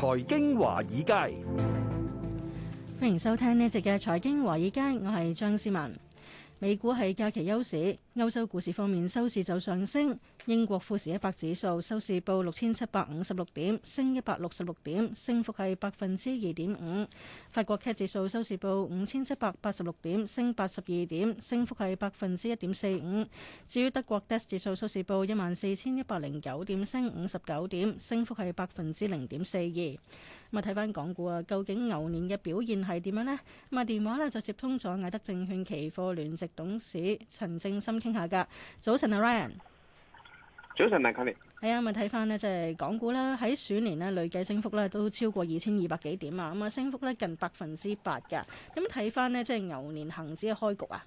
財經華爾街，歡迎收聽呢集嘅財經華爾街，我係張思文。美股係假期休市。歐洲股市方面收市就上升，英國富時一百指數收市報六千七百五十六點，升一百六十六點，升幅係百分之二點五。法國 CAC 指數收市報五千七百八十六點，升八十二點，升幅係百分之一點四五。至於德國 DAX 指數收市報一萬四千一百零九點，升五十九點，升幅係百分之零點四二。咁啊，睇翻港股啊，究竟牛年嘅表現係點樣呢？咁啊，電話咧就接通咗艾德證券期貨聯席董事陳正心。傾下噶，早晨啊，Ryan，早晨，黎卡尼，係啊，咪睇翻呢，即係港股咧，喺鼠年呢，累計升幅咧都超過二千二百幾點啊，咁啊，升幅咧近百分之八噶，咁睇翻呢即係牛年恒指嘅開局啊。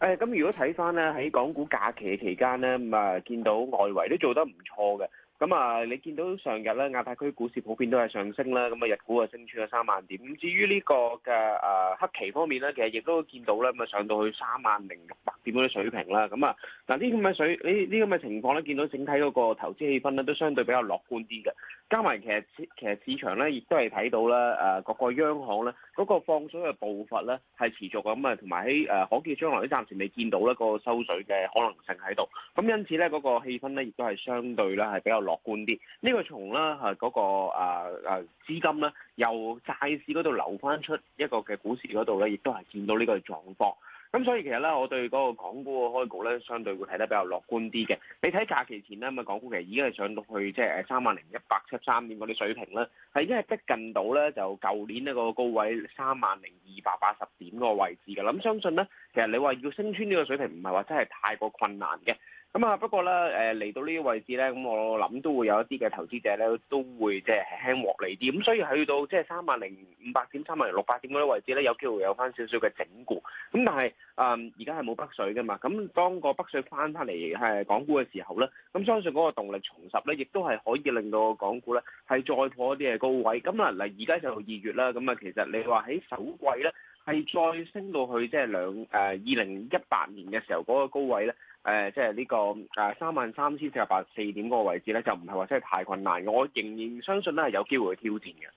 誒，咁如果睇翻呢喺港股假期期間呢，咁啊見到外圍都做得唔錯嘅。咁啊，你見到上日咧亞太區股市普遍都係上升啦，咁啊日股啊升穿咗三萬點。至於呢個嘅誒、呃、黑期方面咧，其實亦都見到咧，咁啊上到去三萬零六百點嗰啲水平啦。咁啊嗱，呢咁嘅水，呢呢咁嘅情況咧，見到整體嗰個投資氣氛咧都相對比較樂觀啲嘅。加埋其實其實市場咧亦都係睇到咧誒、呃、各個央行咧嗰、那個嗰放水嘅步伐咧係持續咁啊，同埋喺誒可見將來都暫時未見到咧、嗰個收水嘅可能性喺度。咁因此咧嗰、嗰個氣氛咧亦都係相對咧係比較樂。樂觀啲，呢個從啦嚇嗰個啊啊資金啦，由債市嗰度流翻出一個嘅股市嗰度咧，亦都係見到呢個狀況。咁所以其實咧，我對嗰個港股嘅開局咧，相對會睇得比較樂觀啲嘅。你睇假期前咧，咁啊，港股其實已經係上到去即係誒三萬零一百七三點嗰啲水平啦，係已經係逼近到咧就舊年呢個高位三萬零二百八十點嗰個位置嘅啦。咁相信咧，其實你話要升穿呢個水平，唔係話真係太過困難嘅。咁啊，不過咧，誒嚟到呢個位置咧，咁我諗都會有一啲嘅投資者咧，都會即係輕獲利啲。咁所以去到即係三萬零五百點、三萬零六百點嗰啲位置咧，有機會有翻少少嘅整固。咁但係，嗯，而家係冇北水㗎嘛。咁當個北水翻翻嚟係港股嘅時候咧，咁相信嗰個動力重拾咧，亦都係可以令到港股咧係再破一啲嘅高位。咁啊，嚟而家就二月啦，咁啊，其實你話喺首季咧係再升到去即係兩誒二零一八年嘅時候嗰個高位咧？誒、呃，即係呢、這個誒、啊、三萬三千四百四點嗰個位置咧，就唔係話真係太困難。我仍然相信咧係有機會去挑戰嘅。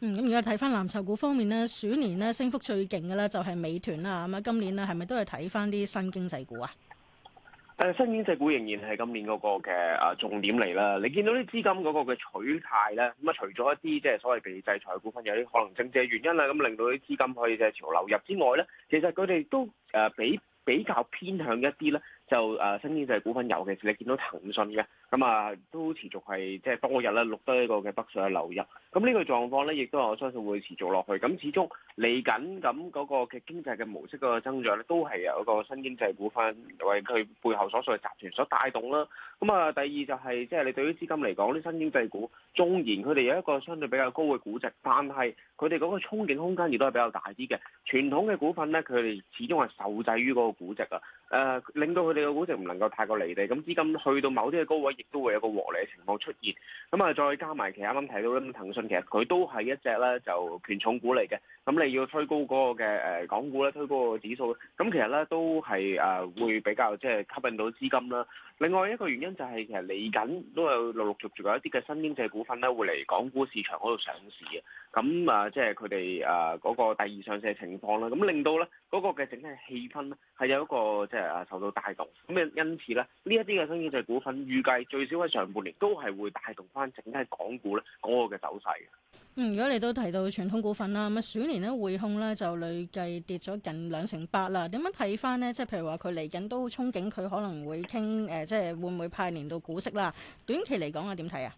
嗯，咁而家睇翻藍籌股方面咧，鼠年咧升幅最勁嘅咧就係美團啦。咁、嗯、啊，今年咧係咪都係睇翻啲新經濟股啊？誒，新經濟股仍然係今年嗰個嘅誒、啊、重點嚟啦。你見到啲資金嗰個嘅取態咧，咁、嗯、啊，除咗一啲即係所謂被制裁股份，有啲可能政治嘅原因啊，咁令到啲資金去即係潮流入之外咧，其實佢哋都誒比比較偏向一啲咧。就誒、啊、新經濟股份，尤其是你見到騰訊嘅。咁啊，都持續係即係多日咧，錄得呢個嘅北上流入。咁呢個狀況咧，亦都係我相信會持續落去。咁始終嚟緊咁嗰個嘅經濟嘅模式個增長咧，都係由一個新經濟股份為佢背後所屬嘅集團所帶動啦。咁啊，第二就係、是、即係你對於資金嚟講，啲新經濟股縱然佢哋有一個相對比較高嘅估值，但係佢哋嗰個憧憬空間亦都係比較大啲嘅。傳統嘅股份咧，佢哋始終係受制於嗰個估值啊，誒、呃，令到佢哋嘅估值唔能夠太過離地。咁資金去到某啲嘅高位。亦都會有個和理嘅情況出現，咁啊再加埋其實啱啱提到咧，騰訊其實佢都係一隻咧就權重股嚟嘅，咁你要推高嗰個嘅誒港股咧，推高個指數，咁其實咧都係誒會比較即係吸引到資金啦。另外一個原因就係、是、其實嚟緊都有陸陸續續有一啲嘅新經濟股份咧會嚟港股市場嗰度上市嘅，咁啊即係佢哋啊嗰、嗰個第二上市嘅情況啦，咁、啊、令到咧嗰、嗰個嘅整體氣氛咧係有一個即係啊受到帶動，咁嘅因此咧呢一啲嘅新經濟股份預計最少喺上半年都係會帶動翻整體港股咧嗰、嗰個嘅走勢嘅。如果你都提到傳統股份啦，咁啊，鼠年咧匯控咧就累計跌咗近兩成八啦。點樣睇返呢？即係譬如話佢嚟緊都憧憬佢可能會傾誒、呃，即係會唔會派年度股息啦？短期嚟講啊，點睇啊？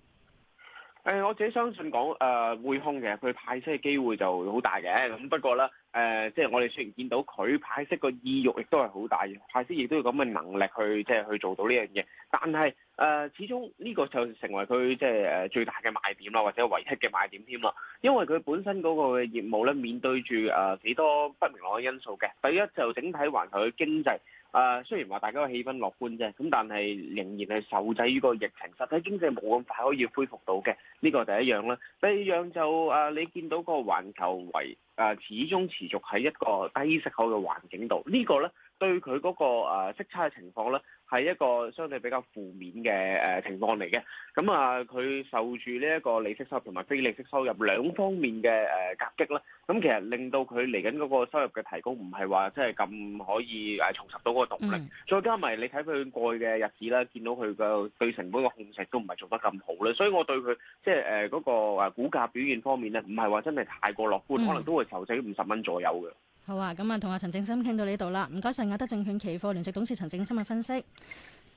誒、呃，我自己相信講誒匯控嘅佢派息嘅機會就好大嘅。咁不過咧。誒、呃，即係我哋雖然見到佢派息個意欲亦都係好大，派息亦都有咁嘅能力去，即係去做到呢樣嘢。但係誒、呃，始終呢個就成為佢即係誒最大嘅賣點啦，或者唯一嘅賣點添啦。因為佢本身嗰個業務咧，面對住誒、呃、幾多不明朗嘅因素嘅。第一就整體環球經濟誒、呃，雖然話大家氣氛樂觀啫，咁但係仍然係受制於個疫情，實體經濟冇咁快可以恢復到嘅。呢、這個第一樣啦。第二樣就誒、呃，你見到個環球維啊，始終持續喺一個低息口嘅環境度，呢個咧，對佢嗰個誒息差嘅情況咧。係一個相對比較負面嘅誒情況嚟嘅，咁啊佢受住呢一個利息收入同埋非利息收入兩方面嘅誒夾擊啦。咁、呃嗯嗯、其實令到佢嚟緊嗰個收入嘅提高唔係話真係咁可以誒重拾到嗰個動力，再加埋你睇佢過去嘅日子啦，見到佢嘅對成本嘅控制都唔係做得咁好咧，所以我對佢即係誒嗰個誒股價表現方面咧，唔係話真係太過樂觀，嗯、可能都會收止五十蚊左右嘅。好啊，咁啊，同阿陳正深傾到呢度啦，唔該晒亞德證券期貨聯席董事陳正深嘅分析。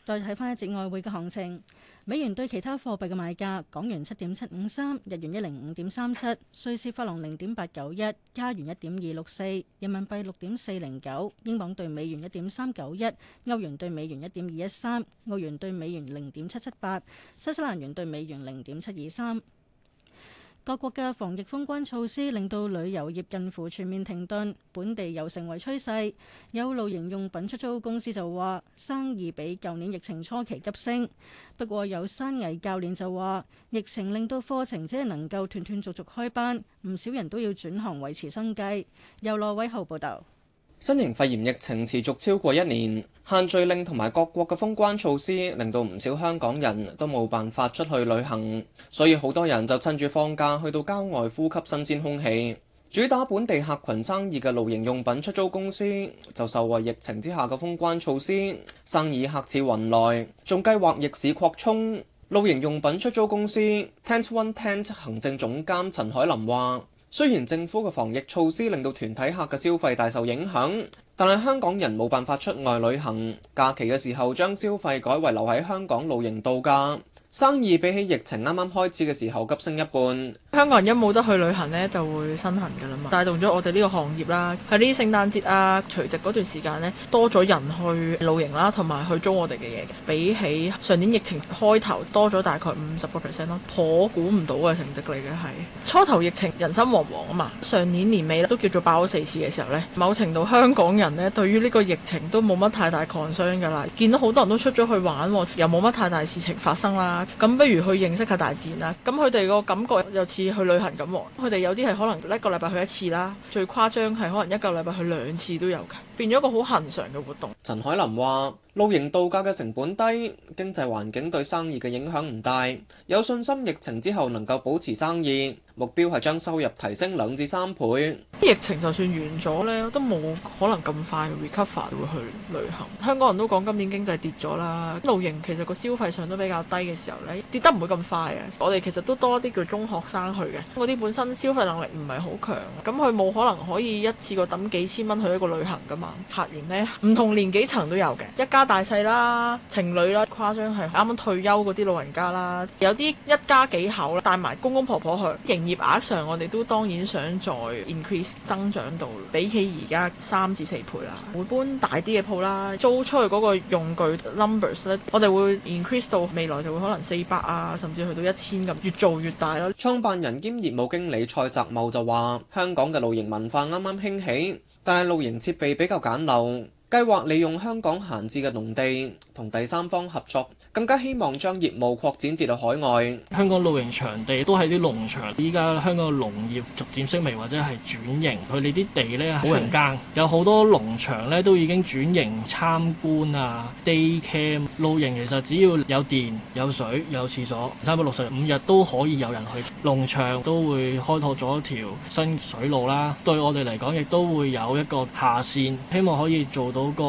再睇翻一節外匯嘅行情，美元對其他貨幣嘅賣價：港元七點七五三，日元一零五點三七，瑞士法郎零點八九一，加元一點二六四，人民幣六點四零九，英鎊兌美元一點三九一，歐元兌美元一點二一三，澳元兌美元零點七七八，新西蘭元兌美元零點七二三。各國嘅防疫封關措施令到旅遊業近乎全面停頓，本地遊成為趨勢。有露營用品出租公司就話，生意比舊年疫情初期急升。不過有山藝教練就話，疫情令到課程只能夠斷斷續續開班，唔少人都要轉行維持生計。由羅偉浩報導。新型肺炎疫情持續超過一年，限聚令同埋各國嘅封關措施，令到唔少香港人都冇辦法出去旅行，所以好多人就趁住放假去到郊外呼吸新鮮空氣。主打本地客群生意嘅露營用品出租公司就受惠疫情之下嘅封關措施，生意客似雲來，仲計劃逆市擴充。露營用品出租公司 Tent One Tent 行政總監陳海琳話。雖然政府嘅防疫措施令到團體客嘅消費大受影響，但係香港人冇辦法出外旅行，假期嘅時候將消費改為留喺香港露營度假。生意比起疫情啱啱開始嘅時候急升一半。香港人一冇得去旅行呢就會身痕噶啦嘛，帶動咗我哋呢個行業啦。喺呢啲聖誕節啊、除夕嗰段時間呢，多咗人去露營啦、啊，同埋去租我哋嘅嘢嘅。比起上年疫情開頭多咗大概五十個 percent 咯，頗估唔到嘅成績嚟嘅係。初頭疫情人心惶惶啊嘛，上年年尾都叫做爆咗四次嘅時候呢，某程度香港人呢對於呢個疫情都冇乜太大 concern 噶啦，見到好多人都出咗去玩，又冇乜太大事情發生啦。咁不如去認識下大自然啦！咁佢哋個感覺又似去旅行咁，佢哋有啲係可能一個禮拜去一次啦，最誇張係可能一個禮拜去兩次都有嘅，變咗一個好恆常嘅活動。陳海琳話：露營度假嘅成本低，經濟環境對生意嘅影響唔大，有信心疫情之後能夠保持生意。目標係將收入提升兩至三倍。疫情就算完咗呢，都冇可能咁快 recover 會去旅行。香港人都講今年經濟跌咗啦，露營其實個消費上都比較低嘅時候呢，跌得唔會咁快啊。我哋其實都多啲叫中學生去嘅，嗰啲本身消費能力唔係好強，咁佢冇可能可以一次過揼幾千蚊去一個旅行噶嘛。客源呢，唔同年紀層都有嘅，一家大細啦、情侶啦、誇張係啱啱退休嗰啲老人家啦，有啲一家幾口啦，帶埋公公婆婆去，業額上，我哋都當然想再 increase 增長到比起而家三至四倍啦。會搬大啲嘅鋪啦，租出去嗰個用具 numbers 咧，ars, 我哋會 increase 到未來就會可能四百啊，甚至去到一千咁，越做越大咯。創辦人兼業務經理蔡澤茂就話：香港嘅露營文化啱啱興起，但係露營設備比較簡陋，計劃利用香港閒置嘅農地同第三方合作。更加希望將業務擴展至到海外。香港露營場地都係啲農場，依家香港農業逐漸式微或者係轉型，佢哋啲地咧好人耕，有好多農場咧都已經轉型參觀啊，day camp 露營其實只要有電、有水、有廁所，三百六十五日都可以有人去。農場都會開拓咗一條新水路啦，對我哋嚟講亦都會有一個下線，希望可以做到個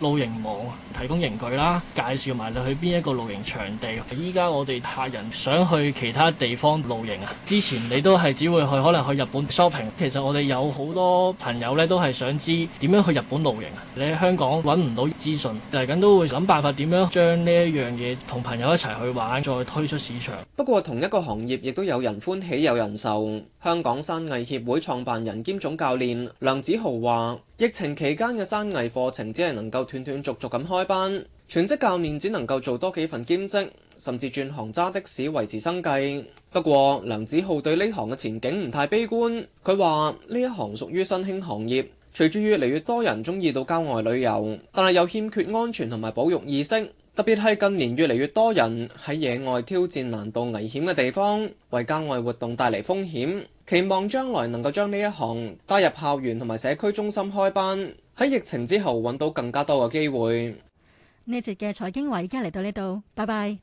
露營網。提供營具啦，介紹埋你去邊一個露營場地。依家我哋客人想去其他地方露營啊，之前你都係只會去可能去日本 shopping。其實我哋有好多朋友呢，都係想知點樣去日本露營，你喺香港揾唔到資訊，嚟緊都會諗辦法點樣將呢一樣嘢同朋友一齊去玩，再推出市場。不過同一個行業亦都有人歡喜，有人愁。香港山藝協會創辦人兼總教練梁子豪話。疫情期間嘅山藝課程只係能夠斷斷續續咁開班，全職教練只能夠做多幾份兼職，甚至轉行揸的士維持生計。不過梁子浩對呢行嘅前景唔太悲觀，佢話呢一行屬於新興行業，隨住越嚟越多人中意到郊外旅遊，但係又欠缺安全同埋保育意識，特別係近年越嚟越多人喺野外挑戰難度危險嘅地方，為郊外活動帶嚟風險。期望將來能夠將呢一行加入校園同埋社區中心開班，喺疫情之後揾到更加多嘅機會。呢節嘅財經華，而家嚟到呢度，拜拜。